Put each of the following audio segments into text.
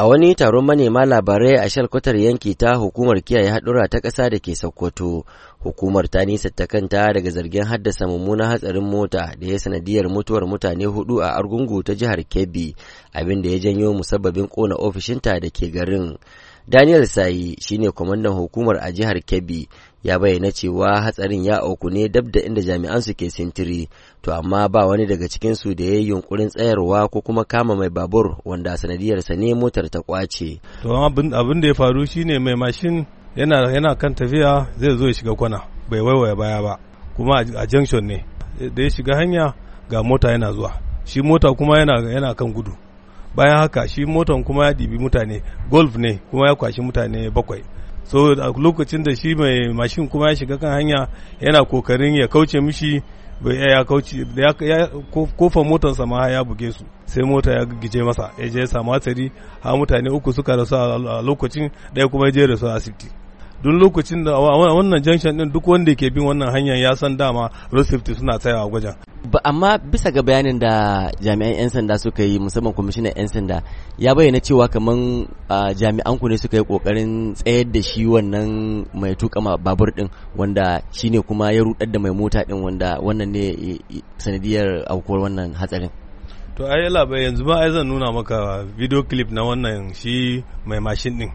A wani taron manema labarai a shalkwatar yanki ta hukumar kiyaye haɗura ta ƙasa da ke Sokoto, hukumar ta nisa ta kanta daga zargin haddasa mummunan hatsarin mota da ya sanadiyar mutuwar mutane hudu a Argungu ta jihar Kebbi, abin da ya janyo musabbabin ƙona ofishinta da ke garin. Daniel Sayi shine kwamandan hukumar a jihar Kebbi ya bayyana cewa hatsarin ya auku ne dab da inda jami'an su ke sintiri to amma ba wani daga cikin su da ya yi yunkurin tsayarwa ko kuma kama mai babur wanda sanadiyyarsa ne motar ta kwace. To abin da ya faru shine mai mashin yana yana kan tafiya zai zo ya shiga kwana bai waiwaya baya ba kuma a junction ne da ya shiga hanya ga mota yana zuwa shi mota kuma yana yana kan gudu bayan haka shi motan kuma ya ɗibi mutane golf ne kuma ya kwashi mutane bakwai so a lokacin da shi mai mashin kuma ya shiga kan hanya yana kokarin ya kauce mishi ya kauce ya kofar motarsa ma ya buge su sai mota ya gije masa ya je samu hatsari ha mutane uku suka rasu a lokacin ɗaya kuma ya je rasu a asibiti don lokacin da a wannan junction din duk wanda ke bin wannan hanyar ya san dama road safety suna tsayawa gwajin. ba amma bisa ga bayanin da jami'an 'yan sanda suka yi musamman kwamishinan 'yan sanda ya bayyana cewa kamar jami'an ku ne suka yi kokarin tsayar da shi wannan mai tuka babur din wanda shine kuma ya rudar da mai mota din wanda wannan ne sanadiyar aukuwar wannan hatsarin to ai labai yanzu ba ai zan nuna maka video clip na wannan shi mai mashin din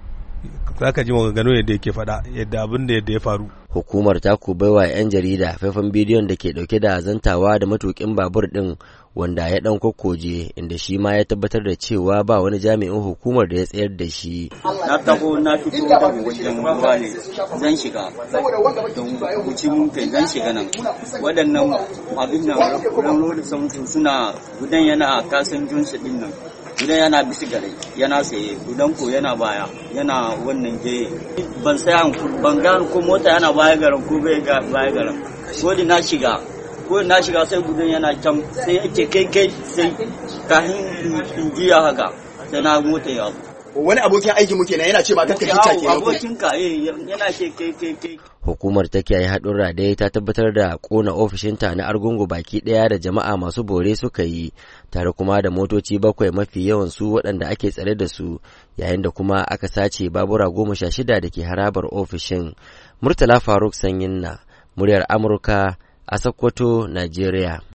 zaka ji maganganu yadda yake faɗa yadda abin da yadda ya faru hukumar ta ku baiwa 'yan jarida faifan bidiyon da ke dauke da zantawa da matukin babur din wanda ya dan kokkoje inda shi ma ya tabbatar da cewa ba wani jami'in hukumar da ya tsayar da shi na taho na fito daga wajen ruwa ne zan shiga don wuce mun kai zan shiga nan waɗannan abin nan ran suna gudan yana kasan junsu din nan idan yana bisi gare yana saye gudan ko yana baya yana wannan je ban saya ban ga ko mota yana baya garan ko bai ga baya garan ko na shiga ko na shiga sai gudan yana can sai yake kai kai sai kahin injiya haka sai na mota ya wani abokin aiki muke na yana ce ba kakka hita ke abokin ka eh, yana ke ke ke hukumar ta kiyaye haɗurra dai ta tabbatar da kona ofishinta na argungu baki ɗaya da jama'a masu bore suka yi tare kuma da motoci bakwai mafi yawan su waɗanda ake tsare da su yayin da kuma aka sace babura goma sha shida da ke harabar ofishin murtala faruk sanyin na muryar amurka a sokoto najeriya